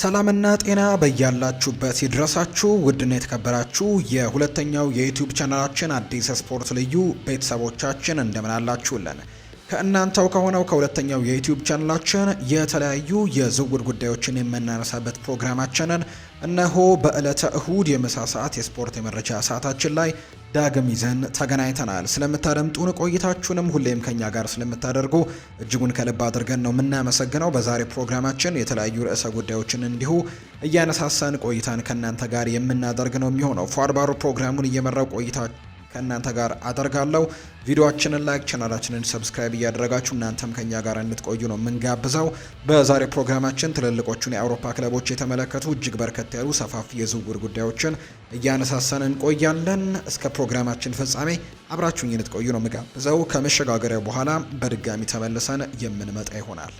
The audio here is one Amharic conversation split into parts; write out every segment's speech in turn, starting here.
ሰላምና ጤና በያላችሁበት ይድረሳችሁ። ውድና የተከበራችሁ የሁለተኛው የዩቲዩብ ቻናላችን አዲስ ስፖርት ልዩ ቤተሰቦቻችን እንደምን አላችሁልን? ከእናንተው ከሆነው ከሁለተኛው የዩቲዩብ ቻናላችን የተለያዩ የዝውውር ጉዳዮችን የምናነሳበት ፕሮግራማችንን እነሆ በዕለተ እሁድ የምሳ ሰዓት የስፖርት የመረጃ ሰዓታችን ላይ ዳግም ይዘን ተገናኝተናል። ስለምታደምጡን ቆይታችሁንም ሁሌም ከኛ ጋር ስለምታደርጉ እጅጉን ከልብ አድርገን ነው የምናመሰግነው። በዛሬ ፕሮግራማችን የተለያዩ ርዕሰ ጉዳዮችን እንዲሁ እያነሳሳን ቆይታን ከእናንተ ጋር የምናደርግ ነው የሚሆነው። ፏርባሮ ፕሮግራሙን እየመራው ቆይታ ከእናንተ ጋር አደርጋለሁ። ቪዲዮችንን ላይክ፣ ቻናላችንን ሰብስክራይብ እያደረጋችሁ እናንተም ከኛ ጋር እንድትቆዩ ነው የምንጋብዘው። በዛሬ ፕሮግራማችን ትልልቆቹን የአውሮፓ ክለቦች የተመለከቱ እጅግ በርከት ያሉ ሰፋፊ የዝውውር ጉዳዮችን እያነሳሳን እንቆያለን። እስከ ፕሮግራማችን ፍጻሜ አብራችሁኝ እንድትቆዩ ነው የምጋብዘው። ከመሸጋገሪያ በኋላ በድጋሚ ተመልሰን የምንመጣ ይሆናል።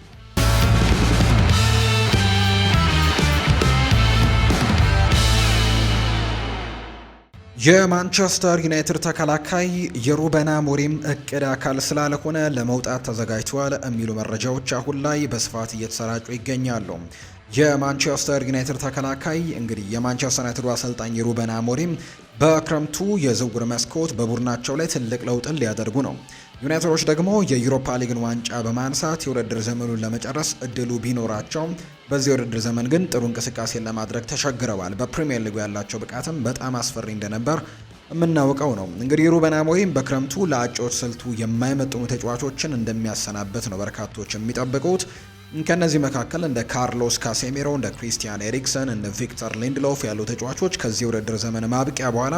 የማንቸስተር ዩናይትድ ተከላካይ የሩበን አሞሪም እቅድ አካል ስላልሆነ ለመውጣት ተዘጋጅተዋል የሚሉ መረጃዎች አሁን ላይ በስፋት እየተሰራጩ ይገኛሉ። የማንቸስተር ዩናይትድ ተከላካይ እንግዲህ የማንቸስተር ዩናይትድ አሰልጣኝ ሩበን አሞሪም በክረምቱ የዝውውር መስኮት በቡድናቸው ላይ ትልቅ ለውጥን ሊያደርጉ ነው። ዩናይትዶች ደግሞ የዩሮፓ ሊግን ዋንጫ በማንሳት የውድድር ዘመኑን ለመጨረስ እድሉ ቢኖራቸውም በዚህ የውድድር ዘመን ግን ጥሩ እንቅስቃሴን ለማድረግ ተቸግረዋል። በፕሪምየር ሊጉ ያላቸው ብቃትም በጣም አስፈሪ እንደነበር የምናውቀው ነው። እንግዲህ ሩበን አሞሪም በክረምቱ ለአጮች ስልቱ የማይመጥኑ ተጫዋቾችን እንደሚያሰናበት ነው በርካቶች የሚጠብቁት። ከእነዚህ መካከል እንደ ካርሎስ ካሴሜሮ፣ እንደ ክሪስቲያን ኤሪክሰን፣ እንደ ቪክተር ሊንድሎፍ ያሉ ተጫዋቾች ከዚህ የውድድር ዘመን ማብቂያ በኋላ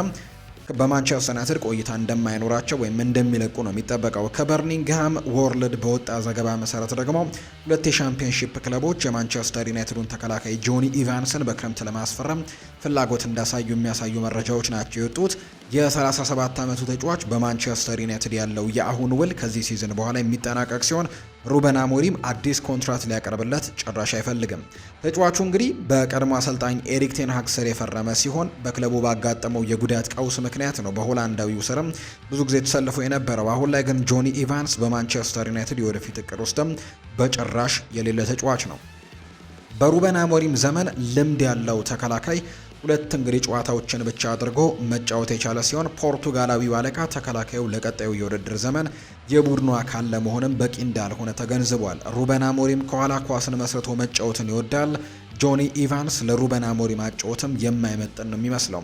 በማንቸስተር ዩናይትድ ቆይታ እንደማይኖራቸው ወይም እንደሚለቁ ነው የሚጠበቀው። ከበርኒንግሃም ወርልድ በወጣ ዘገባ መሰረት ደግሞ ሁለት የሻምፒዮንሺፕ ክለቦች የማንቸስተር ዩናይትዱን ተከላካይ ጆኒ ኢቫንስን በክረምት ለማስፈረም ፍላጎት እንዳሳዩ የሚያሳዩ መረጃዎች ናቸው የወጡት። የ37 ዓመቱ ተጫዋች በማንቸስተር ዩናይትድ ያለው የአሁን ውል ከዚህ ሲዝን በኋላ የሚጠናቀቅ ሲሆን ሩበን አሞሪም አዲስ ኮንትራት ሊያቀርብለት ጭራሽ አይፈልግም። ተጫዋቹ እንግዲህ በቀድሞ አሰልጣኝ ኤሪክ ቴንሃግ ስር የፈረመ ሲሆን በክለቡ ባጋጠመው የጉዳት ቀውስ ምክንያት ነው በሆላንዳዊው ስርም ብዙ ጊዜ ተሰልፎ የነበረው። አሁን ላይ ግን ጆኒ ኢቫንስ በማንቸስተር ዩናይትድ የወደፊት እቅድ ውስጥም በጭራሽ የሌለ ተጫዋች ነው። በሩበን አሞሪም ዘመን ልምድ ያለው ተከላካይ ሁለት እንግዲህ ጨዋታዎችን ብቻ አድርጎ መጫወት የቻለ ሲሆን ፖርቱጋላዊ አለቃ ተከላካዩ ለቀጣዩ የውድድር ዘመን የቡድኑ አካል ለመሆንም በቂ እንዳልሆነ ተገንዝቧል። ሩበን አሞሪም ከኋላ ኳስን መስርቶ መጫወትን ይወዳል። ጆኒ ኢቫንስ ለሩበን አሞሪ ማጫወትም የማይመጥን ነው የሚመስለው።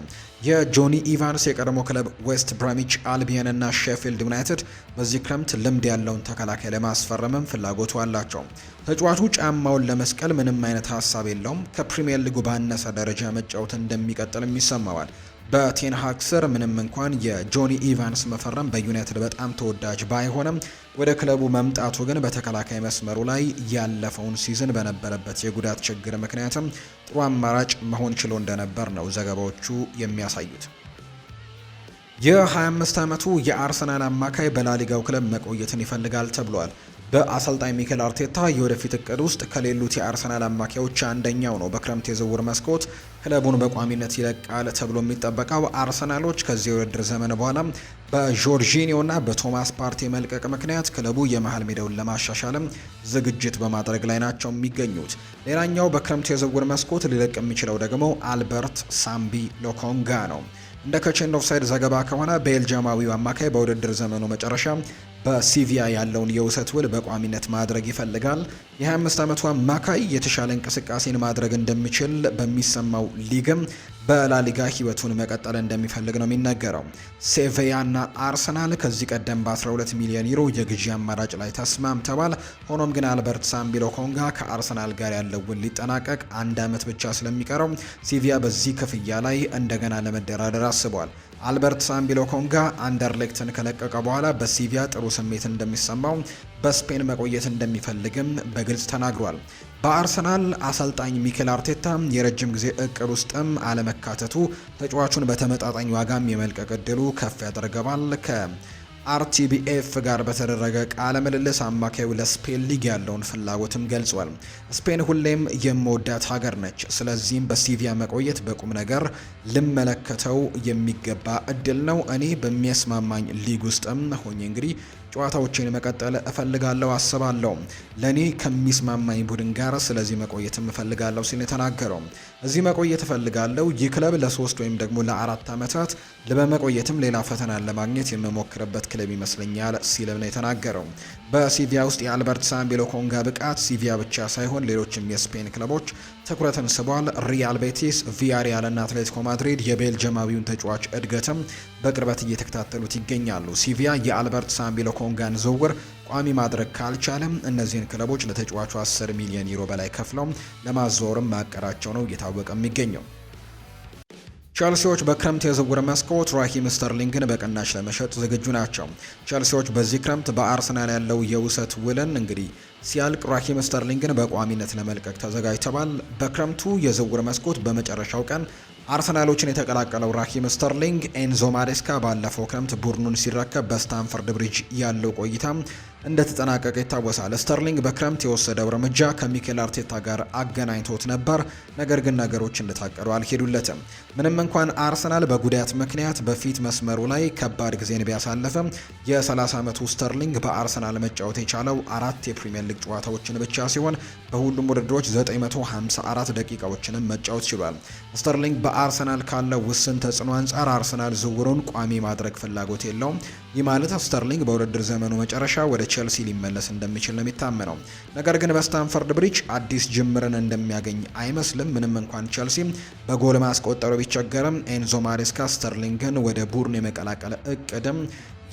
የጆኒ ኢቫንስ የቀድሞ ክለብ ዌስት ብራሚች አልቢየን እና ሼፊልድ ዩናይትድ በዚህ ክረምት ልምድ ያለውን ተከላካይ ለማስፈረምም ፍላጎቱ አላቸው። ተጫዋቹ ጫማውን ለመስቀል ምንም አይነት ሀሳብ የለውም። ከፕሪምየር ሊጉ ባነሰ ደረጃ መጫወት እንደሚቀጥልም ይሰማዋል። በቴንሃግ ስር ምንም እንኳን የጆኒ ኢቫንስ መፈረም በዩናይትድ በጣም ተወዳጅ ባይሆንም ወደ ክለቡ መምጣቱ ግን በተከላካይ መስመሩ ላይ ያለፈውን ሲዝን በነበረበት የጉዳት ችግር ምክንያትም ጥሩ አማራጭ መሆን ችሎ እንደነበር ነው ዘገባዎቹ የሚያሳዩት። የ25 ዓመቱ የአርሰናል አማካይ በላሊጋው ክለብ መቆየትን ይፈልጋል ተብሏል። በአሰልጣኝ ሚኬል አርቴታ የወደፊት እቅድ ውስጥ ከሌሉት የአርሰናል አማካዮች አንደኛው ነው። በክረምት የዝውውር መስኮት ክለቡን በቋሚነት ይለቃል ተብሎ የሚጠበቀው አርሰናሎች ከዚህ የውድድር ዘመን በኋላ በጆርጂኒዮና በቶማስ ፓርቲ መልቀቅ ምክንያት ክለቡ የመሀል ሜዳውን ለማሻሻልም ዝግጅት በማድረግ ላይ ናቸው የሚገኙት። ሌላኛው በክረምት የዝውውር መስኮት ሊለቅ የሚችለው ደግሞ አልበርት ሳምቢ ሎኮንጋ ነው። እንደ ከቼንድ ኦፍሳይድ ዘገባ ከሆነ ቤልጅማዊው አማካይ በውድድር ዘመኑ መጨረሻ በሲቪያ ያለውን የውሰት ውል በቋሚነት ማድረግ ይፈልጋል። የ25 ዓመቷ ማካይ የተሻለ እንቅስቃሴን ማድረግ እንደሚችል በሚሰማው ሊግም በላሊጋ ህይወቱን መቀጠል እንደሚፈልግ ነው የሚነገረው። ሴቪያና አርሰናል ከዚህ ቀደም በ12 ሚሊዮን ዩሮ የግዢ አማራጭ ላይ ተስማምተዋል። ሆኖም ግን አልበርት ሳምቢሎ ኮንጋ ከአርሰናል ጋር ያለው ውል ሊጠናቀቅ አንድ ዓመት ብቻ ስለሚቀረው ሲቪያ በዚህ ክፍያ ላይ እንደገና ለመደራደር አስቧል። አልበርት ሳምቢሎ ኮንጋ አንደርሌክትን ከለቀቀ በኋላ በሲቪያ ጥሩ ስሜት እንደሚሰማው በስፔን መቆየት እንደሚፈልግም በግልጽ ተናግሯል። በአርሰናል አሰልጣኝ ሚኬል አርቴታ የረጅም ጊዜ እቅድ ውስጥም አለመካተቱ ተጫዋቹን በተመጣጣኝ ዋጋም የመልቀቅ እድሉ ከፍ ያደርገዋል። ከአርቲቢኤፍ ጋር በተደረገ ቃለ ምልልስ አማካዩ ለስፔን ሊግ ያለውን ፍላጎትም ገልጿል። ስፔን ሁሌም የምወዳት ሀገር ነች። ስለዚህም በሲቪያ መቆየት በቁም ነገር ልመለከተው የሚገባ እድል ነው። እኔ በሚያስማማኝ ሊግ ውስጥም ሆኜ እንግዲህ ጨዋታዎችን መቀጠል እፈልጋለሁ አስባለሁ። ለእኔ ከሚስማማኝ ቡድን ጋር ስለዚህ መቆየት እፈልጋለሁ ሲል የተናገረው እዚህ መቆየት እፈልጋለሁ። ይህ ክለብ ለሶስት ወይም ደግሞ ለአራት ዓመታት በመቆየትም ሌላ ፈተና ለማግኘት የምሞክርበት ክለብ ይመስለኛል ሲልም ነው የተናገረው። በሲቪያ ውስጥ የአልበርት ሳምቢሎ ኮንጋ ብቃት ሲቪያ ብቻ ሳይሆን ሌሎችም የስፔን ክለቦች ትኩረትን ስቧል። ሪያል ቤቲስ፣ ቪያሪያል እና አትሌቲኮ ማድሪድ የቤልጅማዊውን ተጫዋች እድገትም በቅርበት እየተከታተሉት ይገኛሉ። ሲቪያ የአልበርት ሳምቢሎ ኮንጋን ዝውውር ቋሚ ማድረግ ካልቻለም እነዚህን ክለቦች ለተጫዋቹ 10 ሚሊዮን ዩሮ በላይ ከፍለው ለማዛወርም ማቀራቸው ነው እየታወቀ የሚገኘው። ቸልሲዎች በክረምት የዝውውር መስኮት ራሂም ስተርሊንግን በቅናሽ ለመሸጥ ዝግጁ ናቸው። ቸልሲዎች በዚህ ክረምት በአርሰናል ያለው የውሰት ውልን እንግዲህ ሲያልቅ ራሂም ስተርሊንግን በቋሚነት ለመልቀቅ ተዘጋጅተዋል። በክረምቱ የዝውውር መስኮት በመጨረሻው ቀን አርሰናሎችን የተቀላቀለው ራሂም ስተርሊንግ ኤንዞ ማሬስካ ባለፈው ክረምት ቡድኑን ሲረከብ በስታንፈርድ ብሪጅ ያለው ቆይታ እንደተጠናቀቀ ይታወሳል። ስተርሊንግ በክረምት የወሰደው እርምጃ ከሚኬል አርቴታ ጋር አገናኝቶት ነበር፣ ነገር ግን ነገሮች እንደታቀዱ አልሄዱለትም። ምንም እንኳን አርሰናል በጉዳት ምክንያት በፊት መስመሩ ላይ ከባድ ጊዜን ቢያሳልፍም የ30 ዓመቱ ስተርሊንግ በአርሰናል መጫወት የቻለው አራት የፕሪምየር ሊግ ጨዋታዎችን ብቻ ሲሆን በሁሉም ውድድሮች 954 ደቂቃዎችንም መጫወት ችሏል። ስተርሊንግ በአርሰናል ካለው ውስን ተጽዕኖ አንጻር አርሰናል ዝውውሩን ቋሚ ማድረግ ፍላጎት የለውም። ይህ ማለት ስተርሊንግ በውድድር ዘመኑ መጨረሻ ወደ ቸልሲ ሊመለስ እንደሚችል ነው የሚታመነው። ነገር ግን በስታንፈርድ ብሪጅ አዲስ ጅምርን እንደሚያገኝ አይመስልም። ምንም እንኳን ቸልሲ በጎል ማስቆጠሩ ቢቸገርም ኤንዞ ማሬስካ ስተርሊንግን ወደ ቡርን የመቀላቀል እቅድም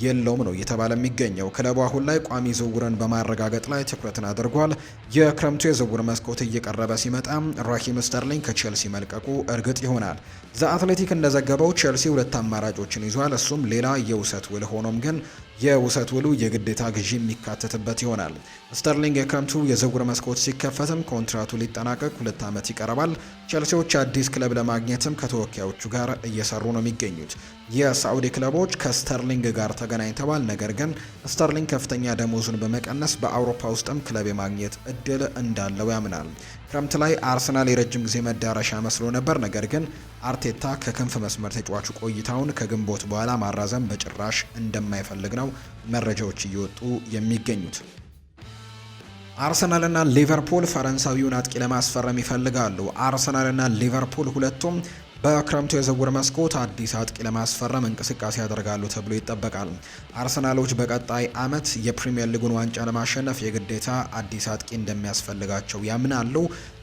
የለውም ነው እየተባለ የሚገኘው። ክለቡ አሁን ላይ ቋሚ ዝውውርን በማረጋገጥ ላይ ትኩረትን አድርጓል። የክረምቱ የዝውውር መስኮት እየቀረበ ሲመጣ ራሂም ስተርሊንግ ከቼልሲ መልቀቁ እርግጥ ይሆናል። ዘ አትሌቲክ እንደዘገበው ቼልሲ ሁለት አማራጮችን ይዟል። እሱም ሌላ የውሰት ውል ሆኖም ግን የውሰት ውሉ የግዴታ ግዢ የሚካተትበት ይሆናል። ስተርሊንግ የክረምቱ የዝውውር መስኮት ሲከፈትም ኮንትራቱ ሊጠናቀቅ ሁለት ዓመት ይቀርባል። ቸልሲዎች አዲስ ክለብ ለማግኘትም ከተወካዮቹ ጋር እየሰሩ ነው የሚገኙት። የሳዑዲ ክለቦች ከስተርሊንግ ጋር ተገናኝተዋል። ነገር ግን ስተርሊንግ ከፍተኛ ደሞዙን በመቀነስ በአውሮፓ ውስጥም ክለብ የማግኘት እድል እንዳለው ያምናል። ክረምት ላይ አርሰናል የረጅም ጊዜ መዳረሻ መስሎ ነበር። ነገር ግን አርቴታ ከክንፍ መስመር ተጫዋቹ ቆይታውን ከግንቦት በኋላ ማራዘም በጭራሽ እንደማይፈልግ ነው መረጃዎች እየወጡ የሚገኙት። አርሰናልና ሊቨርፑል ፈረንሳዊውን አጥቂ ለማስፈረም ይፈልጋሉ። አርሰናልና ሊቨርፑል ሁለቱም በክረምቱ የዝውውር መስኮት አዲስ አጥቂ ለማስፈረም እንቅስቃሴ ያደርጋሉ ተብሎ ይጠበቃል። አርሰናሎች በቀጣይ አመት የፕሪምየር ሊጉን ዋንጫ ለማሸነፍ የግዴታ አዲስ አጥቂ እንደሚያስፈልጋቸው ያምናሉ።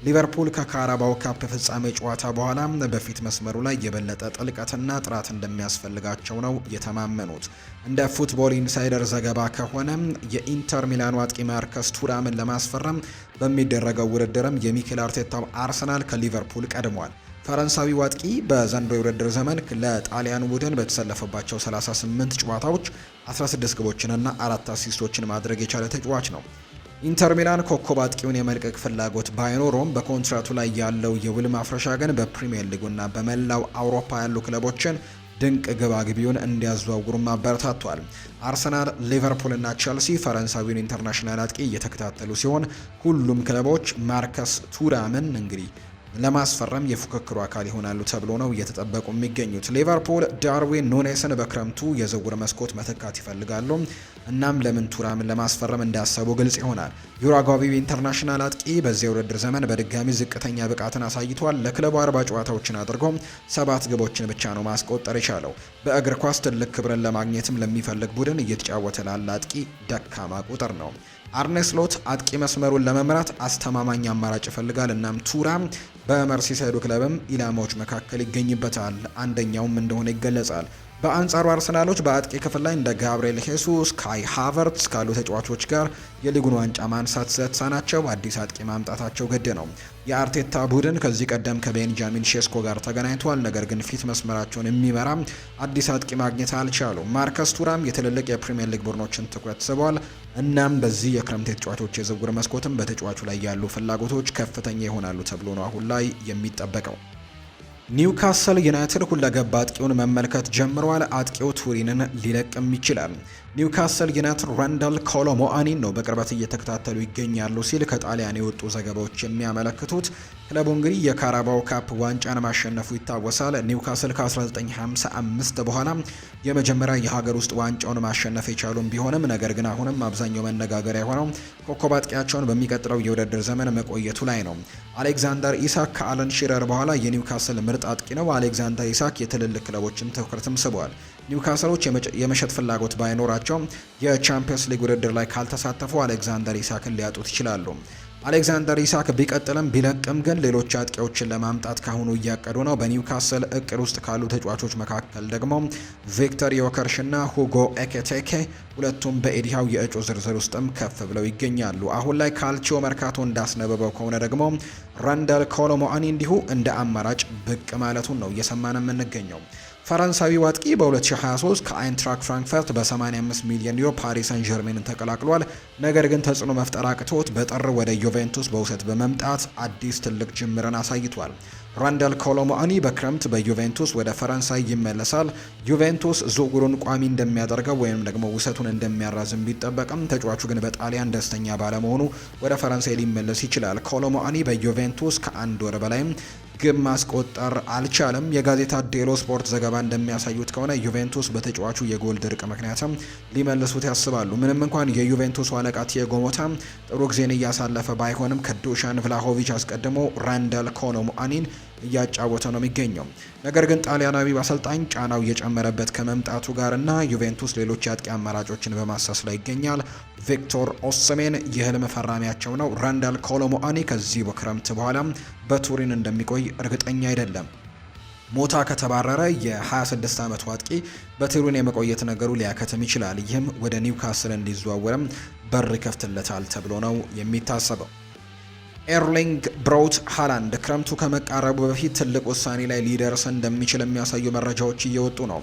ሊቨርፑል ከካራባው ካፕ ፍጻሜ ጨዋታ በኋላ በፊት መስመሩ ላይ የበለጠ ጥልቀትና ጥራት እንደሚያስፈልጋቸው ነው የተማመኑት። እንደ ፉትቦል ኢንሳይደር ዘገባ ከሆነ የኢንተር ሚላኑ አጥቂ ማርከስ ቱራምን ለማስፈረም በሚደረገው ውድድርም የሚኬል አርቴታው አርሰናል ከሊቨርፑል ቀድሟል። ፈረንሳዊ አጥቂ በዘንዶ የውድድር ዘመን ለጣሊያን ቡድን በተሰለፈባቸው 38 ጨዋታዎች 16 ግቦችንና አራት አሲስቶችን ማድረግ የቻለ ተጫዋች ነው። ኢንተር ሚላን ኮከብ አጥቂውን የመልቀቅ ፍላጎት ባይኖረውም በኮንትራቱ ላይ ያለው የውል ማፍረሻ ግን በፕሪምየር ሊጉና በመላው አውሮፓ ያሉ ክለቦችን ድንቅ ግባግቢውን እንዲያዘዋውሩ አበረታቷል። አርሰናል፣ ሊቨርፑል እና ቸልሲ ፈረንሳዊውን ኢንተርናሽናል አጥቂ እየተከታተሉ ሲሆን ሁሉም ክለቦች ማርከስ ቱራምን እንግዲህ ለማስፈረም የፉክክሩ አካል ይሆናሉ ተብሎ ነው እየተጠበቁ የሚገኙት። ሊቨርፑል ዳርዊን ኑኔስን በክረምቱ የዝውውር መስኮት መተካት ይፈልጋሉ። እናም ለምን ቱራምን ለማስፈረም እንዳሰቡ ግልጽ ይሆናል። ዩራጓቢው ኢንተርናሽናል አጥቂ በዚያ የውድድር ዘመን በድጋሚ ዝቅተኛ ብቃትን አሳይቷል። ለክለቡ አርባ ጨዋታዎችን አድርጎ ሰባት ግቦችን ብቻ ነው ማስቆጠር የቻለው። በእግር ኳስ ትልቅ ክብርን ለማግኘትም ለሚፈልግ ቡድን እየተጫወተ ላለ አጥቂ ደካማ ቁጥር ነው። አርኔስሎት አጥቂ መስመሩን ለመምራት አስተማማኝ አማራጭ ይፈልጋል። እናም ቱራ በመርሲሳይዱ ክለብም ኢላማዎች መካከል ይገኝበታል፣ አንደኛውም እንደሆነ ይገለጻል። በአንጻሩ አርሰናሎች በአጥቂ ክፍል ላይ እንደ ጋብርኤል ሄሱስ፣ ካይ ሃቨርትስ ካሉ ተጫዋቾች ጋር የሊጉን ዋንጫ ማንሳት ስለተሳናቸው አዲስ አጥቂ ማምጣታቸው ግድ ነው። የአርቴታ ቡድን ከዚህ ቀደም ከቤንጃሚን ሼስኮ ጋር ተገናኝቷል። ነገር ግን ፊት መስመራቸውን የሚመራ አዲስ አጥቂ ማግኘት አልቻሉ። ማርከስ ቱራም የትልልቅ የፕሪምየር ሊግ ቡድኖችን ትኩረት ስቧል። እናም በዚህ የክረምት የተጫዋቾች የዝውውር መስኮትም በተጫዋቹ ላይ ያሉ ፍላጎቶች ከፍተኛ ይሆናሉ ተብሎ ነው አሁን ላይ የሚጠበቀው። ኒውካስል ዩናይትድ ገባ አጥቂውን መመልከት ጀምረዋል። አጥቂው ቱሪንን ሊለቅም ይችላል። ኒውካስል ዩናይትድ ራንዳል ኮሎሞአኒን ነው በቅርበት እየተከታተሉ ይገኛሉ ሲል ከጣሊያን የወጡ ዘገባዎች የሚያመለክቱት። ክለቡ እንግዲህ የካራባው ካፕ ዋንጫን ማሸነፉ ይታወሳል። ኒውካስል ከ1955 በኋላ የመጀመሪያ የሀገር ውስጥ ዋንጫውን ማሸነፍ የቻሉም ቢሆንም ነገር ግን አሁንም አብዛኛው መነጋገሪያ የሆነው ኮከብ አጥቂያቸውን በሚቀጥለው የውድድር ዘመን መቆየቱ ላይ ነው። አሌክዛንደር ኢሳክ ከአለን ሺረር በኋላ የኒውካስል ምርጥ አጥቂ ነው። አሌክዛንደር ኢሳክ የትልልቅ ክለቦችን ትኩረትም ስቧል። ኒውካስሎች የመሸጥ ፍላጎት ባይኖራቸውም የቻምፒየንስ ሊግ ውድድር ላይ ካልተሳተፉ አሌክዛንደር ኢሳክን ሊያጡት ይችላሉ። አሌክዛንደር ኢሳክ ቢቀጥልም ቢለቅም ግን ሌሎች አጥቂዎችን ለማምጣት ካሁኑ እያቀዱ ነው። በኒውካስል እቅድ ውስጥ ካሉ ተጫዋቾች መካከል ደግሞ ቪክተር ዮከርሽ እና ሁጎ ኤኬቴኬ ሁለቱም በኤዲሃው የእጩ ዝርዝር ውስጥም ከፍ ብለው ይገኛሉ። አሁን ላይ ካልቺዮ መርካቶ እንዳስነበበው ከሆነ ደግሞ ረንደል ኮሎሞአኒ እንዲሁ እንደ አማራጭ ብቅ ማለቱን ነው እየሰማን የምንገኘው። ፈረንሳዊው አጥቂ በ2023 ከአይንትራክ ፍራንክፈርት በ85 ሚሊዮን ዩሮ ፓሪስ ሰን ዠርሜንን ተቀላቅሏል። ነገር ግን ተጽዕኖ መፍጠር አቅቶት በጥር ወደ ዩቬንቱስ በውሰት በመምጣት አዲስ ትልቅ ጅምርን አሳይቷል። ራንዳል ኮሎሞአኒ በክረምት በዩቬንቱስ ወደ ፈረንሳይ ይመለሳል። ዩቬንቱስ ዝውውሩን ቋሚ እንደሚያደርገው ወይም ደግሞ ውሰቱን እንደሚያራዝም ቢጠበቅም ተጫዋቹ ግን በጣሊያን ደስተኛ ባለመሆኑ ወደ ፈረንሳይ ሊመለስ ይችላል። ኮሎሞአኒ በዩቬንቱስ ከአንድ ወር በላይም ግብ ማስቆጠር አልቻለም። የጋዜጣ ዴሎ ስፖርት ዘገባ እንደሚያሳዩት ከሆነ ዩቬንቱስ በተጫዋቹ የጎል ድርቅ ምክንያትም ሊመልሱት ያስባሉ። ምንም እንኳን የዩቬንቱስ አለቃ ቲያጎ ሞታ ጥሩ ጊዜን እያሳለፈ ባይሆንም ከዱሻን ቭላሆቪች አስቀድሞ ራንደል ኮኖ እያጫወተ ነው የሚገኘው። ነገር ግን ጣሊያናዊ አሰልጣኝ ጫናው እየጨመረበት ከመምጣቱ ጋርና ዩቬንቱስ ሌሎች የአጥቂ አማራጮችን በማሰስ ላይ ይገኛል። ቪክቶር ኦስሜን የህልም ፈራሚያቸው ነው። ራንዳል ኮሎሞአኒ ከዚህ ክረምት በኋላ በቱሪን እንደሚቆይ እርግጠኛ አይደለም። ሞታ ከተባረረ የ26 ዓመቱ አጥቂ በቱሪን የመቆየት ነገሩ ሊያከትም ይችላል። ይህም ወደ ኒውካስል እንዲዘዋወርም በር ይከፍትለታል ተብሎ ነው የሚታሰበው። ኤርሊንግ ብሮት ሃላንድ ክረምቱ ከመቃረቡ በፊት ትልቅ ውሳኔ ላይ ሊደርስ እንደሚችል የሚያሳዩ መረጃዎች እየወጡ ነው።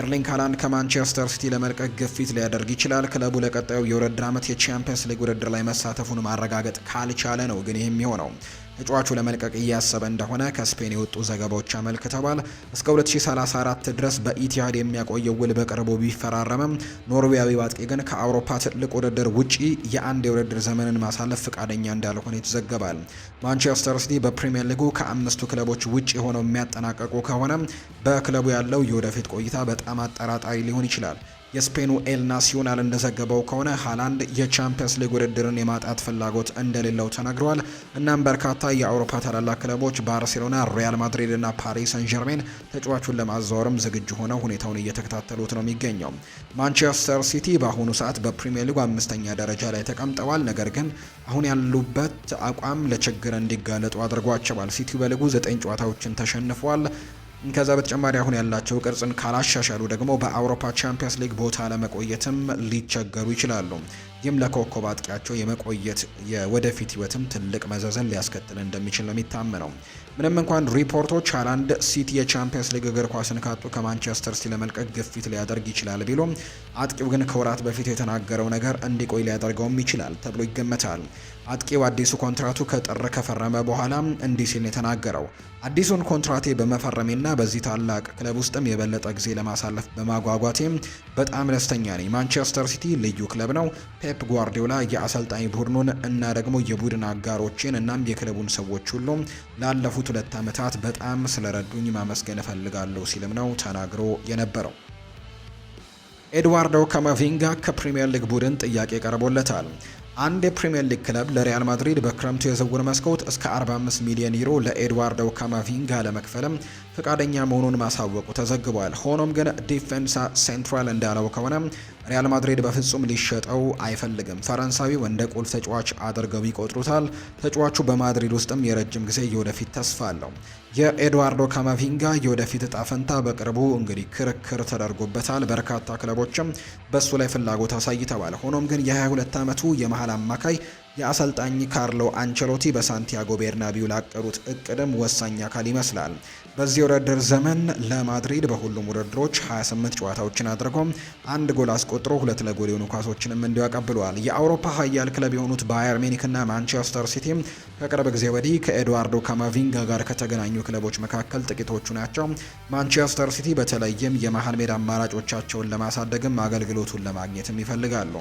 ኤርሊንግ ሃላንድ ከማንቸስተር ሲቲ ለመልቀቅ ግፊት ሊያደርግ ይችላል። ክለቡ ለቀጣዩ የውድድር ዓመት የቻምፒየንስ ሊግ ውድድር ላይ መሳተፉን ማረጋገጥ ካልቻለ ነው ግን ይህ የሚሆነው። ተጫዋቹ ለመልቀቅ እያሰበ እንደሆነ ከስፔን የወጡ ዘገባዎች አመልክተዋል። እስከ 2034 ድረስ በኢቲሃድ የሚያቆየው ውል በቅርቡ ቢፈራረምም ኖርዌያዊ አጥቂ ግን ከአውሮፓ ትልቅ ውድድር ውጪ የአንድ የውድድር ዘመንን ማሳለፍ ፍቃደኛ እንዳልሆነ ይዘገባል። ማንቸስተር ሲቲ በፕሪምየር ሊጉ ከአምስቱ ክለቦች ውጪ ሆነው የሚያጠናቀቁ ከሆነ በክለቡ ያለው የወደፊት ቆይታ በጣም አጠራጣሪ ሊሆን ይችላል። የስፔኑ ኤል ናሲዮናል እንደዘገበው ከሆነ ሃላንድ የቻምፒየንስ ሊግ ውድድርን የማጣት ፍላጎት እንደሌለው ተናግረዋል። እናም በርካታ የአውሮፓ ታላላቅ ክለቦች ባርሴሎና፣ ሪያል ማድሪድ እና ፓሪስ ሰን ጀርሜን ተጫዋቹን ለማዛወርም ዝግጁ ሆነው ሁኔታውን እየተከታተሉት ነው የሚገኘው። ማንቸስተር ሲቲ በአሁኑ ሰዓት በፕሪምየር ሊጉ አምስተኛ ደረጃ ላይ ተቀምጠዋል። ነገር ግን አሁን ያሉበት አቋም ለችግር እንዲጋለጡ አድርጓቸዋል። ሲቲ በሊጉ ዘጠኝ ጨዋታዎችን ተሸንፏል። ከዛ በተጨማሪ አሁን ያላቸው ቅርጽን ካላሻሻሉ ደግሞ በአውሮፓ ቻምፒየንስ ሊግ ቦታ ለመቆየትም ሊቸገሩ ይችላሉ። ይህም ለኮከብ አጥቂያቸው የመቆየት የወደፊት ህይወትም ትልቅ መዘዘን ሊያስከትል እንደሚችል ነው የሚታመነው። ምንም እንኳን ሪፖርቶች ሃላንድ ሲቲ የቻምፒየንስ ሊግ እግር ኳስን ካጡ ከማንቸስተር ሲቲ ለመልቀቅ ግፊት ሊያደርግ ይችላል ቢሎም አጥቂው ግን ከወራት በፊት የተናገረው ነገር እንዲቆይ ሊያደርገውም ይችላል ተብሎ ይገመታል። አጥቂው አዲሱ ኮንትራቱ ከጥር ከፈረመ በኋላ እንዲህ ሲል የተናገረው አዲሱን ኮንትራቴ በመፈረሜና በዚህ ታላቅ ክለብ ውስጥም የበለጠ ጊዜ ለማሳለፍ በማጓጓቴ በጣም ደስተኛ ነኝ። ማንቸስተር ሲቲ ልዩ ክለብ ነው። ፔፕ ጓርዲዮላ የአሰልጣኝ ቡድኑን እና ደግሞ የቡድን አጋሮችን እናም የክለቡን ሰዎች ሁሉ ላለፉት ሁለት ዓመታት በጣም ስለረዱኝ ማመስገን እፈልጋለሁ ሲልም ነው ተናግሮ የነበረው። ኤድዋርዶ ካማቪንጋ ከፕሪምየር ሊግ ቡድን ጥያቄ ቀርቦለታል። አንድ የፕሪምየር ሊግ ክለብ ለሪያል ማድሪድ በክረምቱ የዝውውር መስኮት እስከ 45 ሚሊዮን ዩሮ ለኤድዋርዶ ካማቪንጋ ለመክፈልም ፈቃደኛ መሆኑን ማሳወቁ ተዘግቧል። ሆኖም ግን ዲፌንሳ ሴንትራል እንዳለው ከሆነ ሪያል ማድሪድ በፍጹም ሊሸጠው አይፈልግም። ፈረንሳዊው እንደ ቁልፍ ተጫዋች አድርገው ይቆጥሩታል። ተጫዋቹ በማድሪድ ውስጥም የረጅም ጊዜ የወደፊት ተስፋ አለው። የኤድዋርዶ ካማቪንጋ የወደፊት እጣ ፈንታ በቅርቡ እንግዲህ ክርክር ተደርጎበታል። በርካታ ክለቦችም በሱ ላይ ፍላጎት አሳይተዋል። ሆኖም ግን የ22 ዓመቱ የመሀል አማካይ የአሰልጣኝ ካርሎ አንቸሎቲ በሳንቲያጎ ቤርናቢው ላቀሩት እቅድም ወሳኝ አካል ይመስላል። በዚህ ውድድር ዘመን ለማድሪድ በሁሉም ውድድሮች 28 ጨዋታዎችን አድርጎ አንድ ጎል አስቆጥሮ ሁለት ለጎል የሆኑ ኳሶችንም እንዲሁ ያቀብለዋል። የአውሮፓ ሀያል ክለብ የሆኑት ባየር ሚኒክና ማንቸስተር ሲቲ ከቅርብ ጊዜ ወዲህ ከኤድዋርዶ ካማቪንጋ ጋር ከተገናኙ ክለቦች መካከል ጥቂቶቹ ናቸው። ማንቸስተር ሲቲ በተለይም የመሀል ሜዳ አማራጮቻቸውን ለማሳደግም አገልግሎቱን ለማግኘትም ይፈልጋሉ።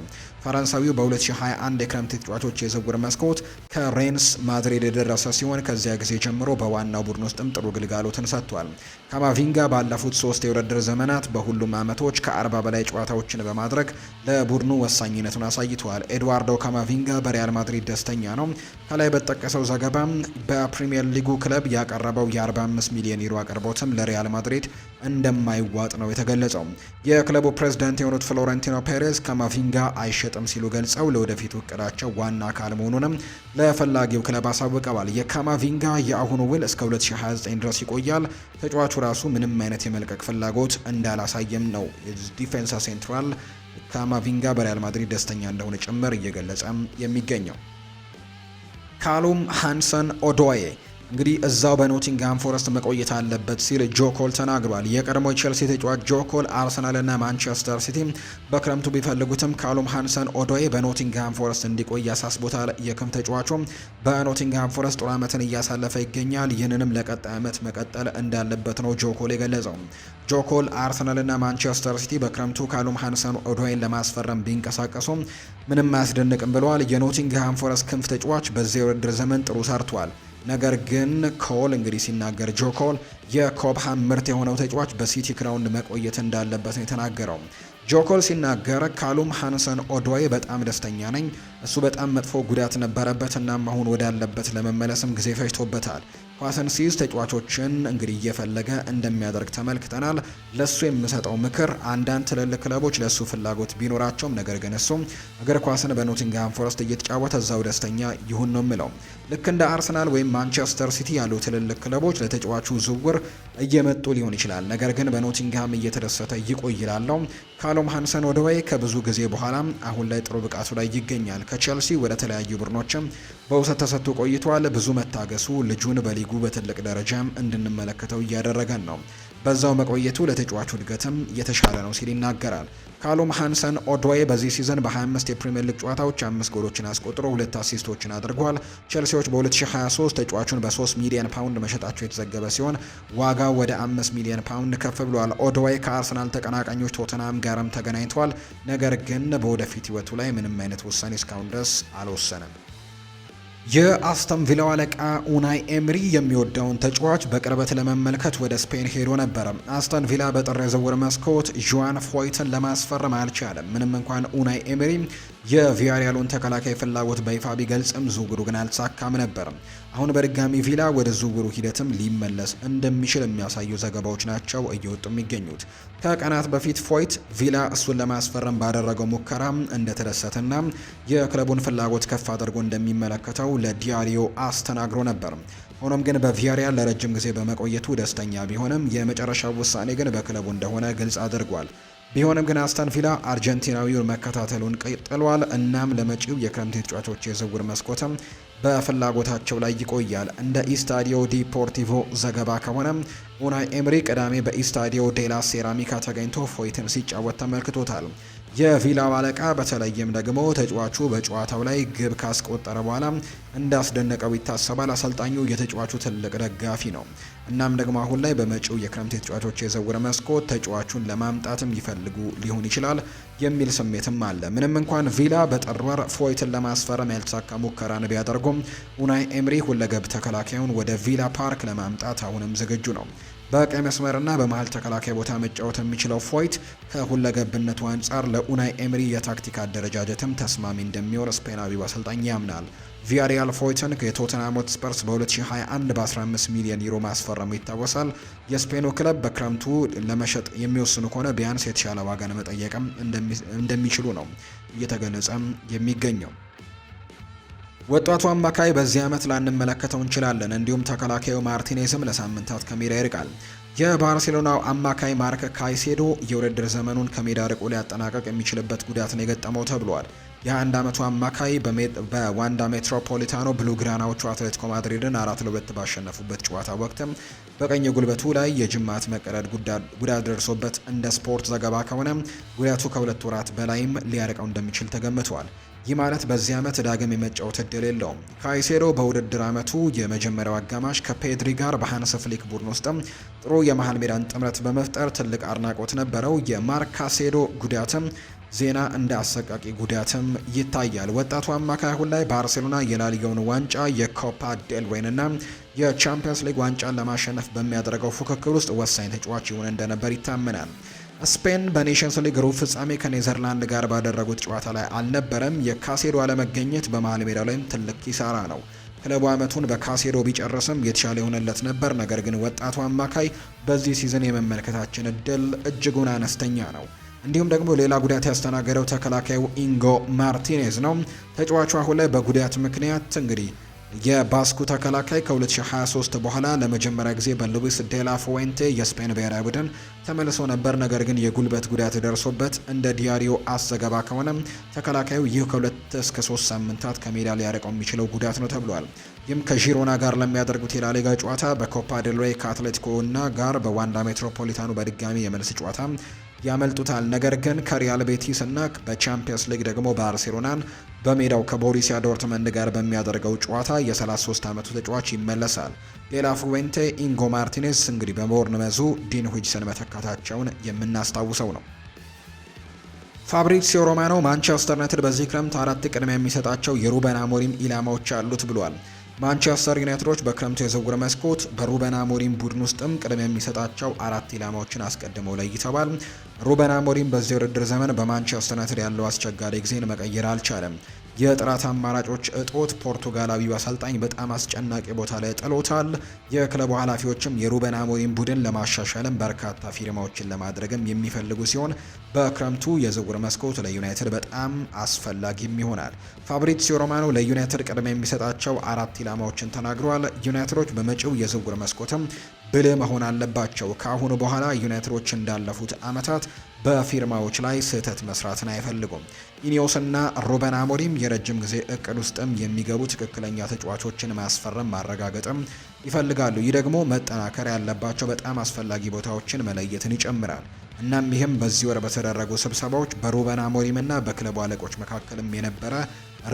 ፈረንሳዊው በ2021 የክረምት ተጫዋቾች የዝውውር መስኮት ከሬንስ ማድሪድ የደረሰ ሲሆን ከዚያ ጊዜ ጀምሮ በዋናው ቡድን ውስጥም ጥሩ ግልጋሎትን ጨዋታዎችን ሰጥቷል። ካማቪንጋ ባለፉት ሶስት የውድድር ዘመናት በሁሉም ዓመቶች ከ40 በላይ ጨዋታዎችን በማድረግ ለቡድኑ ወሳኝነቱን አሳይተዋል። ኤድዋርዶ ካማቪንጋ በሪያል ማድሪድ ደስተኛ ነው። ከላይ በተጠቀሰው ዘገባ በፕሪምየር ሊጉ ክለብ ያቀረበው የ45 ሚሊዮን ዩሮ አቅርቦትም ለሪያል ማድሪድ እንደማይዋጥ ነው የተገለጸው። የክለቡ ፕሬዝዳንት የሆኑት ፍሎረንቲኖ ፔሬዝ ካማቪንጋ አይሸጥም ሲሉ ገልጸው ለወደፊቱ እቅዳቸው ዋና አካል መሆኑንም ለፈላጊው ክለብ አሳውቀዋል። የካማቪንጋ የአሁኑ ውል እስከ 2029 ድረስ ይቆያል። ተጫዋቹ ራሱ ምንም አይነት የመልቀቅ ፍላጎት እንዳላሳየም ነው ዲፌንሳ ሴንትራል ካማቪንጋ በሪያል ማድሪድ ደስተኛ እንደሆነ ጭምር እየገለጸም የሚገኘው ካሉም ሃንሰን ኦዶዬ እንግዲህ እዛው በኖቲንግሃም ፎረስት መቆየት አለበት ሲል ጆ ኮል ተናግሯል። የቀድሞ ቼልሲ ተጫዋች ጆ ኮል አርሰናልና ማንቸስተር ሲቲ በክረምቱ ቢፈልጉትም ካሉም ሃንሰን ኦዶይ በኖቲንግሃም ፎረስት እንዲቆይ ያሳስቦታል። የክም ተጫዋቹ በኖቲንግሃም ፎረስት ጥሩ ዓመትን እያሳለፈ ይገኛል። ይህንንም ለቀጣይ ዓመት መቀጠል እንዳለበት ነው ጆ ኮል የገለጸው። ጆ ኮል አርሰናልና ማንቸስተር ሲቲ በክረምቱ ካሉም ሃንሰን ኦዶይን ለማስፈረም ቢንቀሳቀሱ ምንም አያስደንቅም ብለዋል። የኖቲንግሃም ፎረስት ክንፍ ተጫዋች በዚህ የውድድር ዘመን ጥሩ ሰርቷል። ነገር ግን ኮል እንግዲህ ሲናገር ጆ ኮል የኮብሃም ምርት የሆነው ተጫዋች በሲቲ ክራውንድ መቆየት እንዳለበት ነው የተናገረው። ጆኮል ሲናገር ካሉም ሃንሰን ኦዶይ በጣም ደስተኛ ነኝ። እሱ በጣም መጥፎ ጉዳት ነበረበት እና አሁን ወዳለበት ለመመለስም ጊዜ ፈጅቶበታል። ኳስን ሲይዝ ተጫዋቾችን እንግዲህ እየፈለገ እንደሚያደርግ ተመልክተናል። ለእሱ የምሰጠው ምክር አንዳንድ ትልልቅ ክለቦች ለእሱ ፍላጎት ቢኖራቸውም ነገር ግን እሱ እግር ኳስን በኖቲንግሃም ፎረስት እየተጫወተ እዛው ደስተኛ ይሁን ነው የምለው ልክ እንደ አርሰናል ወይም ማንቸስተር ሲቲ ያሉ ትልልቅ ክለቦች ለተጫዋቹ ዝውውር እየመጡ ሊሆን ይችላል። ነገር ግን በኖቲንግሃም እየተደሰተ ይቆይ ይላለው። ካሎም ሃንሰን ወደዋይ ከብዙ ጊዜ በኋላ አሁን ላይ ጥሩ ብቃቱ ላይ ይገኛል። ከቼልሲ ወደ ተለያዩ ቡድኖችም በውሰት ተሰጥቶ ቆይቷል። ብዙ መታገሱ ልጁን በሊጉ በትልቅ ደረጃ እንድንመለከተው እያደረገን ነው። በዛው መቆየቱ ለተጫዋቹ እድገትም የተሻለ ነው ሲል ይናገራል። ካሉም ሃንሰን ኦድዋይ በዚህ ሲዝን በ25 የፕሪምየር ሊግ ጨዋታዎች አምስት ጎሎችን አስቆጥሮ ሁለት አሲስቶችን አድርጓል። ቸልሲዎች በ2023 ተጫዋቹን በ3 ሚሊዮን ፓውንድ መሸጣቸው የተዘገበ ሲሆን ዋጋው ወደ 5 ሚሊዮን ፓውንድ ከፍ ብሏል። ኦድዌይ ከአርሰናል ተቀናቃኞች ቶተናም ጋርም ተገናኝተዋል። ነገር ግን በወደፊት ህይወቱ ላይ ምንም አይነት ውሳኔ እስካሁን ድረስ አልወሰነም። የአስተን ቪላው አለቃ ኡናይ ኤምሪ የሚወደውን ተጫዋች በቅርበት ለመመልከት ወደ ስፔን ሄዶ ነበር። አስተን ቪላ በጥር የዝውውር መስኮት ዥዋን ፎይትን ለማስፈረም አልቻለም። ምንም እንኳን ኡናይ ኤምሪ የቪያሪያሉን ተከላካይ ፍላጎት በይፋ ቢገልጽም ዝውውሩ ግን አልተሳካም ነበር። አሁን በድጋሚ ቪላ ወደ ዝውውሩ ሂደትም ሊመለስ እንደሚችል የሚያሳዩ ዘገባዎች ናቸው እየወጡ የሚገኙት። ከቀናት በፊት ፎይት ቪላ እሱን ለማስፈረም ባደረገው ሙከራ እንደተደሰተና የክለቡን ፍላጎት ከፍ አድርጎ እንደሚመለከተው ለዲያሪዮ አስተናግሮ ነበር። ሆኖም ግን በቪያሪያል ለረጅም ጊዜ በመቆየቱ ደስተኛ ቢሆንም የመጨረሻው ውሳኔ ግን በክለቡ እንደሆነ ግልጽ አድርጓል። ቢሆንም ግን አስተን ቪላ አርጀንቲናዊውን መከታተሉን ቀጥሏል። እናም ለመጪው የክረምት ተጫዋቾች የዝውውር መስኮትም በፍላጎታቸው ላይ ይቆያል። እንደ ኢስታዲዮ ዲፖርቲቮ ዘገባ ከሆነ ኡናይ ኤምሪ ቅዳሜ በኢስታዲዮ ዴላ ሴራሚካ ተገኝቶ ፎይትን ሲጫወት ተመልክቶታል። የቪላው አለቃ በተለይም ደግሞ ተጫዋቹ በጨዋታው ላይ ግብ ካስቆጠረ በኋላ እንዳስደነቀው ይታሰባል። አሰልጣኙ የተጫዋቹ ትልቅ ደጋፊ ነው። እናም ደግሞ አሁን ላይ በመጪው የክረምት የተጫዋቾች የዝውውር መስኮት ተጫዋቹን ለማምጣትም ይፈልጉ ሊሆን ይችላል የሚል ስሜትም አለ። ምንም እንኳን ቪላ በጥር ወር ፎይትን ለማስፈረም ያልተሳካ ሙከራን ቢያደርጉም ኡናይ ኤምሪ ሁለገብ ተከላካዩን ወደ ቪላ ፓርክ ለማምጣት አሁንም ዝግጁ ነው። በቀይ መስመርና በመሀል ተከላካይ ቦታ መጫወት የሚችለው ፎይት ከሁለገብነቱ አንጻር ለኡናይ ኤምሪ የታክቲክ አደረጃጀትም ተስማሚ እንደሚሆን ስፔናዊ አሰልጣኝ ያምናል። ቪያሪያል ፎይትን የቶተንሃም ሆትስፐርስ በ2021 በ15 ሚሊዮን ዩሮ ማስፈረሙ ይታወሳል። የስፔኑ ክለብ በክረምቱ ለመሸጥ የሚወስኑ ከሆነ ቢያንስ የተሻለ ዋጋን መጠየቅም እንደሚችሉ ነው እየተገለጸም የሚገኘው። ወጣቱ አማካይ በዚህ ዓመት ላንመለከተው እንችላለን። እንዲሁም ተከላካዩ ማርቲኔዝም ለሳምንታት ከሜዳ ይርቃል። የባርሴሎናው አማካይ ማርክ ካይሴዶ የውድድር ዘመኑን ከሜዳ ርቆ ሊያጠናቀቅ የሚችልበት ጉዳት ነው የገጠመው ተብሏል። የአንድ ዓመቱ አማካይ በዋንዳ ሜትሮፖሊታኖ ብሉግራናዎቹ አትሌቲኮ ማድሪድን አራት ለሁለት ባሸነፉበት ጨዋታ ወቅትም በቀኝ ጉልበቱ ላይ የጅማት መቀደድ ጉዳት ደርሶበት እንደ ስፖርት ዘገባ ከሆነ ጉዳቱ ከሁለት ወራት በላይም ሊያርቀው እንደሚችል ተገምቷል። ይህ ማለት በዚህ ዓመት ዳግም የመጫወት እድል የለውም። ካይሴዶ በውድድር ዓመቱ የመጀመሪያው አጋማሽ ከፔድሪ ጋር በሃንስ ፍሊክ ቡድን ውስጥም ጥሩ የመሃል ሜዳን ጥምረት በመፍጠር ትልቅ አድናቆት ነበረው። የማርክ ካይሴዶ ጉዳትም ዜና እንደ አሰቃቂ ጉዳትም ይታያል። ወጣቱ አማካይ አሁን ላይ ባርሴሎና የላሊጋውን ዋንጫ የኮፓ ዴል ሬይንና የቻምፒየንስ ሊግ ዋንጫን ለማሸነፍ በሚያደርገው ፉክክር ውስጥ ወሳኝ ተጫዋች ይሆን እንደነበር ይታመናል። ስፔን በኔሽንስ ሊግ ሩብ ፍጻሜ ከኔዘርላንድ ጋር ባደረጉት ጨዋታ ላይ አልነበረም። የካሴዶ አለመገኘት በመሀል ሜዳ ላይም ትልቅ ኪሳራ ነው። ክለቡ ዓመቱን በካሴዶ ቢጨርስም የተሻለ የሆነለት ነበር። ነገር ግን ወጣቱ አማካይ በዚህ ሲዝን የመመልከታችን እድል እጅጉን አነስተኛ ነው። እንዲሁም ደግሞ ሌላ ጉዳት ያስተናገደው ተከላካዩ ኢንጎ ማርቲኔዝ ነው። ተጫዋቹ አሁን ላይ በጉዳት ምክንያት እንግዲህ የባስኩ ተከላካይ ከ2023 በኋላ ለመጀመሪያ ጊዜ በሉዊስ ዴላ ፉዌንቴ የስፔን ብሔራዊ ቡድን ተመልሶ ነበር። ነገር ግን የጉልበት ጉዳት ደርሶበት እንደ ዲያሪዮ አዘገባ ከሆነ ተከላካዩ ይህ ከሁለት እስከ 3 ሳምንታት ከሜዳ ሊያርቀው የሚችለው ጉዳት ነው ተብሏል። ይህም ከዢሮና ጋር ለሚያደርጉት የላሊጋ ጨዋታ በኮፓ ዴልሬ ከአትሌቲኮ እና ጋር በዋንዳ ሜትሮፖሊታኑ በድጋሚ የመልስ ጨዋታ ያመልጡታል። ነገር ግን ከሪያል ቤቲስ እና በቻምፒየንስ ሊግ ደግሞ ባርሴሎናን በሜዳው ከቦሪሲያ ዶርትመንድ ጋር በሚያደርገው ጨዋታ የ33 ዓመቱ ተጫዋች ይመለሳል። ዴላ ፉዌንቴ፣ ኢንጎ ማርቲኔዝ እንግዲህ መዙ ዲን ሁጅሰን መተካታቸውን የምናስታውሰው ነው። ፋብሪሲዮ ሮማኖ ማንቸስተር ዩናይትድ በዚህ ክረምት አራት ቅድሚያ የሚሰጣቸው የሩበን አሞሪም ኢላማዎች አሉት ብሏል። ማንቸስተር ዩናይትዶች በክረምቱ የዝውውር መስኮት በሩበን አሞሪም ቡድን ውስጥም ቅድሚያ የሚሰጣቸው አራት ኢላማዎችን አስቀድመው ለይተዋል። ሩበን አሞሪም በዚህ ውድድር ዘመን በማንቸስተር ዩናይትድ ያለው አስቸጋሪ ጊዜን መቀየር አልቻለም። የጥራት አማራጮች እጦት ፖርቱጋላዊው አሰልጣኝ በጣም አስጨናቂ ቦታ ላይ ጥሎታል። የክለቡ ኃላፊዎችም የሩበን አሞሪም ቡድን ለማሻሻልም በርካታ ፊርማዎችን ለማድረግም የሚፈልጉ ሲሆን በክረምቱ የዝውውር መስኮት ለዩናይትድ በጣም አስፈላጊም ይሆናል። ፋብሪዚዮ ሮማኖ ለዩናይትድ ቅድሚያ የሚሰጣቸው አራት ኢላማዎችን ተናግረዋል። ዩናይትዶች በመጪው የዝውውር መስኮትም ብልህ መሆን አለባቸው። ከአሁኑ በኋላ ዩናይትዶች እንዳለፉት ዓመታት በፊርማዎች ላይ ስህተት መስራትን አይፈልጉም። ኢኒዮስና ሩበን አሞሪም የረጅም ጊዜ እቅድ ውስጥም የሚገቡ ትክክለኛ ተጫዋቾችን ማስፈረም ማረጋገጥም ይፈልጋሉ። ይህ ደግሞ መጠናከር ያለባቸው በጣም አስፈላጊ ቦታዎችን መለየትን ይጨምራል። እናም ይህም በዚህ ወር በተደረጉ ስብሰባዎች በሩበን አሞሪምና በክለቡ አለቆች መካከልም የነበረ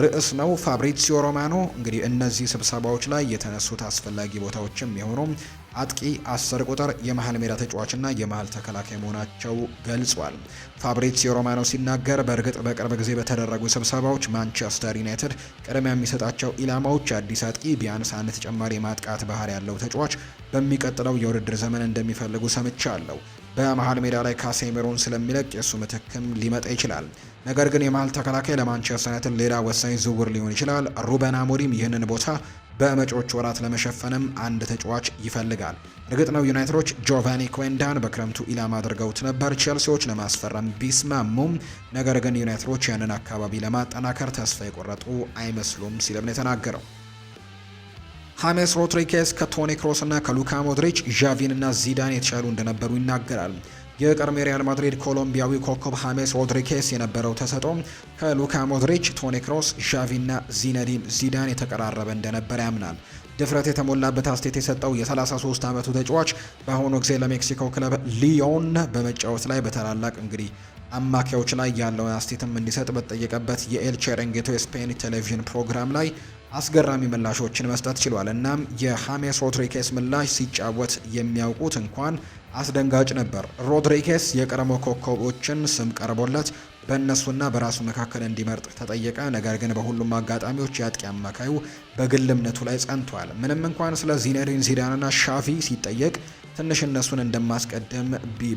ርዕስ ነው። ፋብሪዚዮ ሮማኖ እንግዲህ እነዚህ ስብሰባዎች ላይ የተነሱት አስፈላጊ ቦታዎችም የሆኑ አጥቂ፣ አስር ቁጥር፣ የመሀል ሜዳ ተጫዋችና የመሀል ተከላካይ መሆናቸው ገልጿል። ፋብሪዚዮ ሮማኖ ሲናገር በእርግጥ በቅርብ ጊዜ በተደረጉ ስብሰባዎች ማንቸስተር ዩናይትድ ቅድሚያ የሚሰጣቸው ኢላማዎች አዲስ አጥቂ፣ ቢያንስ አንድ ተጨማሪ ማጥቃት ባህር ያለው ተጫዋች በሚቀጥለው የውድድር ዘመን እንደሚፈልጉ ሰምቻለሁ። በመሀል ሜዳ ላይ ካሴሜሮን ስለሚለቅ የእሱ ምትክም ሊመጣ ይችላል። ነገር ግን የመሃል ተከላካይ ለማንቸስተር ዩናይትድ ሌላ ወሳኝ ዝውውር ሊሆን ይችላል። ሩበን አሞሪም ይህንን ቦታ በመጪዎች ወራት ለመሸፈንም አንድ ተጫዋች ይፈልጋል። እርግጥ ነው ዩናይትዶች ጆቫኒ ኮንዳን በክረምቱ ኢላማ አድርገውት ነበር። ቼልሲዎች ለማስፈረም ቢስማሙም ነገር ግን ዩናይትዶች ያንን አካባቢ ለማጠናከር ተስፋ የቆረጡ አይመስሉም ሲልም ነው የተናገረው። ሃሜስ ሮድሪጌዝ ከቶኒ ክሮስ እና ከሉካ ሞድሪች ዣቪን እና ዚዳን የተሻሉ እንደነበሩ ይናገራል። የቀድሞ ሪያል ማድሪድ ኮሎምቢያዊ ኮከብ ሃሜስ ሮድሪኬስ የነበረው ተሰጥኦ ከሉካ ሞድሪች፣ ቶኒ ክሮስ፣ ና ዚነዲን ዚዳን የተቀራረበ እንደነበረ ያምናል። ድፍረት የተሞላበት አስቴት የሰጠው የ33 ዓመቱ ተጫዋች በአሁኑ ጊዜ ለሜክሲኮ ክለብ ሊዮን በመጫወት ላይ በታላላቅ እንግዲህ አማካዮች ላይ ያለውን አስቴትም እንዲሰጥ በተጠየቀበት የኤል ቼሬንጌቶ የስፔን ቴሌቪዥን ፕሮግራም ላይ አስገራሚ ምላሾችን መስጠት ችሏል። እናም የሃሜስ ሮድሪጌስ ምላሽ ሲጫወት የሚያውቁት እንኳን አስደንጋጭ ነበር። ሮድሪጌስ የቀድሞ ኮከቦችን ስም ቀርቦለት በእነሱና በራሱ መካከል እንዲመርጥ ተጠየቀ። ነገር ግን በሁሉም አጋጣሚዎች የአጥቂ አማካዩ በግልምነቱ ላይ ጸንቷል። ምንም እንኳን ስለ ዚነሪን ዚዳንና ሻፊ ሲጠየቅ ትንሽ እነሱን እንደማስቀድም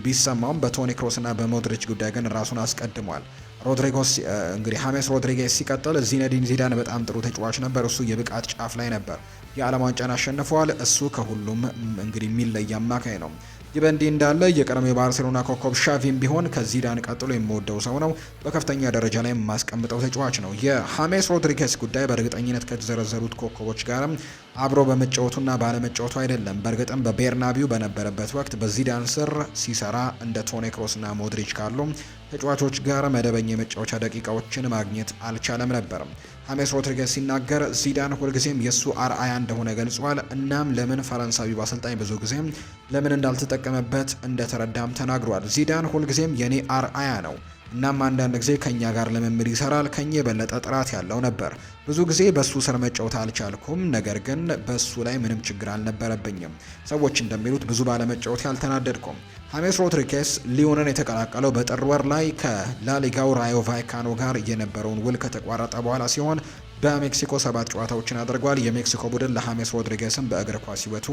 ቢሰማውም በቶኒ ክሮስና በሞድሪች ጉዳይ ግን ራሱን አስቀድሟል። ሮድሪጎስ እንግዲህ ሀሜስ ሮድሪጌስ ሲቀጥል ዚነዲን ዚዳን በጣም ጥሩ ተጫዋች ነበር። እሱ የብቃት ጫፍ ላይ ነበር። የዓለም ዋንጫን አሸንፈዋል። እሱ ከሁሉም እንግዲህ የሚለይ አማካይ ነው። ይህ በእንዲህ እንዳለ የቀድሞ የባርሴሎና ኮከብ ሻቪም ቢሆን ከዚዳን ቀጥሎ የምወደው ሰው ነው። በከፍተኛ ደረጃ ላይ የማስቀምጠው ተጫዋች ነው። የሀሜስ ሮድሪጌስ ጉዳይ በእርግጠኝነት ከተዘረዘሩት ኮከቦች ጋርም አብሮ በመጫወቱና ባለመጫወቱ አይደለም። በእርግጥም በቤርናቢው በነበረበት ወቅት በዚዳን ስር ሲሰራ እንደ ቶኒ ክሮስና ሞድሪች ካሉ ተጫዋቾች ጋር መደበኛ የመጫወቻ ደቂቃዎችን ማግኘት አልቻለም ነበርም። ሀሜስ ሮድሪገስ ሲናገር ዚዳን ሁልጊዜም የእሱ አርአያ እንደሆነ ገልጿል። እናም ለምን ፈረንሳዊ አሰልጣኝ ብዙ ጊዜም ለምን እንዳልተጠቀመበት እንደተረዳም ተናግሯል። ዚዳን ሁልጊዜም የኔ አርአያ ነው እናም አንዳንድ ጊዜ ከእኛ ጋር ልምምድ ይሰራል። ከኛ የበለጠ ጥራት ያለው ነበር። ብዙ ጊዜ በእሱ ስር መጫወት አልቻልኩም፣ ነገር ግን በእሱ ላይ ምንም ችግር አልነበረብኝም። ሰዎች እንደሚሉት ብዙ ባለመጫወት ያልተናደድኩም። ሀሜስ ሮድሪጌስ ሊዮንን የተቀላቀለው በጥር ወር ላይ ከላሊጋው ራዮ ቫይካኖ ጋር የነበረውን ውል ከተቋረጠ በኋላ ሲሆን በሜክሲኮ ሰባት ጨዋታዎችን አድርጓል። የሜክሲኮ ቡድን ለሐሜስ ሮድሪጌስን በእግር ኳስ ሕይወቱ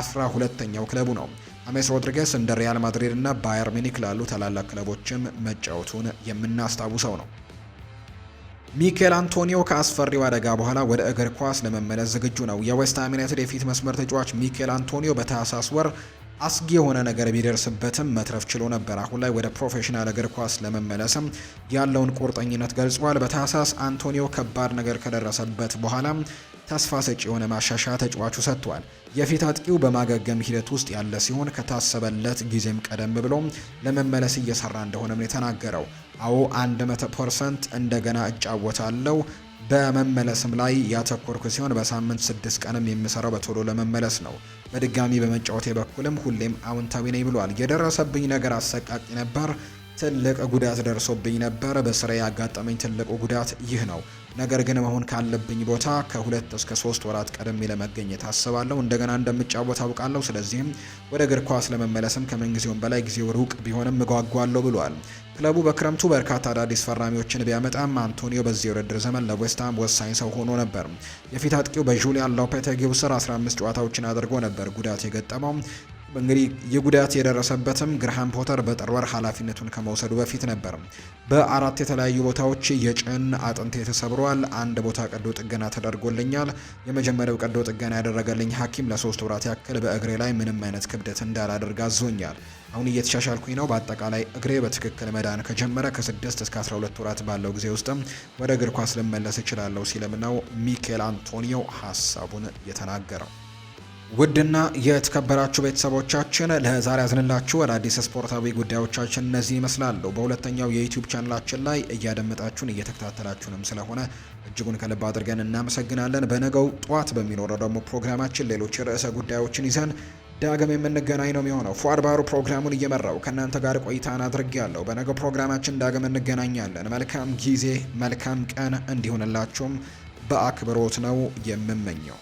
አስራ ሁለተኛው ክለቡ ነው። ሃሜስ ሮድሪጌስ እንደ ሪያል ማድሪድ እና ባየር ሚኒክ ላሉ ታላላቅ ክለቦችም መጫወቱን የምናስታውሰው ነው። ሚኬል አንቶኒዮ ከአስፈሪው አደጋ በኋላ ወደ እግር ኳስ ለመመለስ ዝግጁ ነው። የዌስትሃም ዩናይትድ የፊት መስመር ተጫዋች ሚኬል አንቶኒዮ በታህሳስ ወር አስጊ የሆነ ነገር ቢደርስበትም መትረፍ ችሎ ነበር። አሁን ላይ ወደ ፕሮፌሽናል እግር ኳስ ለመመለስም ያለውን ቁርጠኝነት ገልጿል። በታህሳስ አንቶኒዮ ከባድ ነገር ከደረሰበት በኋላ ተስፋ ሰጪ የሆነ ማሻሻያ ተጫዋቹ ሰጥቷል። የፊት አጥቂው በማገገም ሂደት ውስጥ ያለ ሲሆን ከታሰበለት ጊዜም ቀደም ብሎ ለመመለስ እየሰራ እንደሆነም የተናገረው። አዎ 100 ፐርሰንት እንደገና እጫወታለሁ በመመለስም ላይ ያተኮርኩ ሲሆን በሳምንት ስድስት ቀንም የምሰራው በቶሎ ለመመለስ ነው። በድጋሚ በመጫወቴ በኩልም ሁሌም አውንታዊ ነኝ ብሏል። የደረሰብኝ ነገር አሰቃቂ ነበር። ትልቅ ጉዳት ደርሶብኝ ነበር። በስራ ያጋጠመኝ ትልቁ ጉዳት ይህ ነው። ነገር ግን መሆን ካለብኝ ቦታ ከሁለት እስከ ሶስት ወራት ቀደም ለመገኘት አስባለሁ። እንደገና እንደምጫወት አውቃለሁ። ስለዚህም ወደ እግር ኳስ ለመመለስም ከምንጊዜውም በላይ ጊዜው ሩቅ ቢሆንም እጓጓለሁ ብሏል። ክለቡ በክረምቱ በርካታ አዳዲስ ፈራሚዎችን ቢያመጣም አንቶኒዮ በዚህ የውድድር ዘመን ለዌስትሃም ወሳኝ ሰው ሆኖ ነበር። የፊት አጥቂው በጁሊያን ሎፔቴጊው ስር 15 ጨዋታዎችን አድርጎ ነበር ጉዳት የገጠመው። እንግዲህ የጉዳት የደረሰበትም ግርሃም ፖተር በጥር ወር ኃላፊነቱን ከመውሰዱ በፊት ነበር። በአራት የተለያዩ ቦታዎች የጭን አጥንቴ ተሰብሯል፣ አንድ ቦታ ቀዶ ጥገና ተደርጎልኛል። የመጀመሪያው ቀዶ ጥገና ያደረገልኝ ሐኪም ለሶስት ወራት ያክል በእግሬ ላይ ምንም አይነት ክብደት እንዳላደርግ አዞኛል። አሁን እየተሻሻልኩኝ ነው። በአጠቃላይ እግሬ በትክክል መዳን ከጀመረ ከስድስት እስከ 12 ወራት ባለው ጊዜ ውስጥም ወደ እግር ኳስ ልመለስ እችላለሁ ሲልም ነው ሚኬል አንቶኒዮ ሀሳቡን የተናገረው። ውድና የተከበራችሁ ቤተሰቦቻችን ለዛሬ ያዝንላችሁ አዳዲስ ስፖርታዊ ጉዳዮቻችን እነዚህ ይመስላሉ። በሁለተኛው የዩቲዩብ ቻናላችን ላይ እያደመጣችሁን እየተከታተላችሁንም ስለሆነ እጅጉን ከልብ አድርገን እናመሰግናለን። በነገው ጠዋት በሚኖረው ደግሞ ፕሮግራማችን ሌሎች ርዕሰ ጉዳዮችን ይዘን ዳግም የምንገናኝ ነው የሚሆነው። ፏድ ባሩ ፕሮግራሙን እየመራው ከእናንተ ጋር ቆይታን አድርግ ያለው። በነገው ፕሮግራማችን ዳግም እንገናኛለን። መልካም ጊዜ፣ መልካም ቀን እንዲሆንላችሁም በአክብሮት ነው የምመኘው።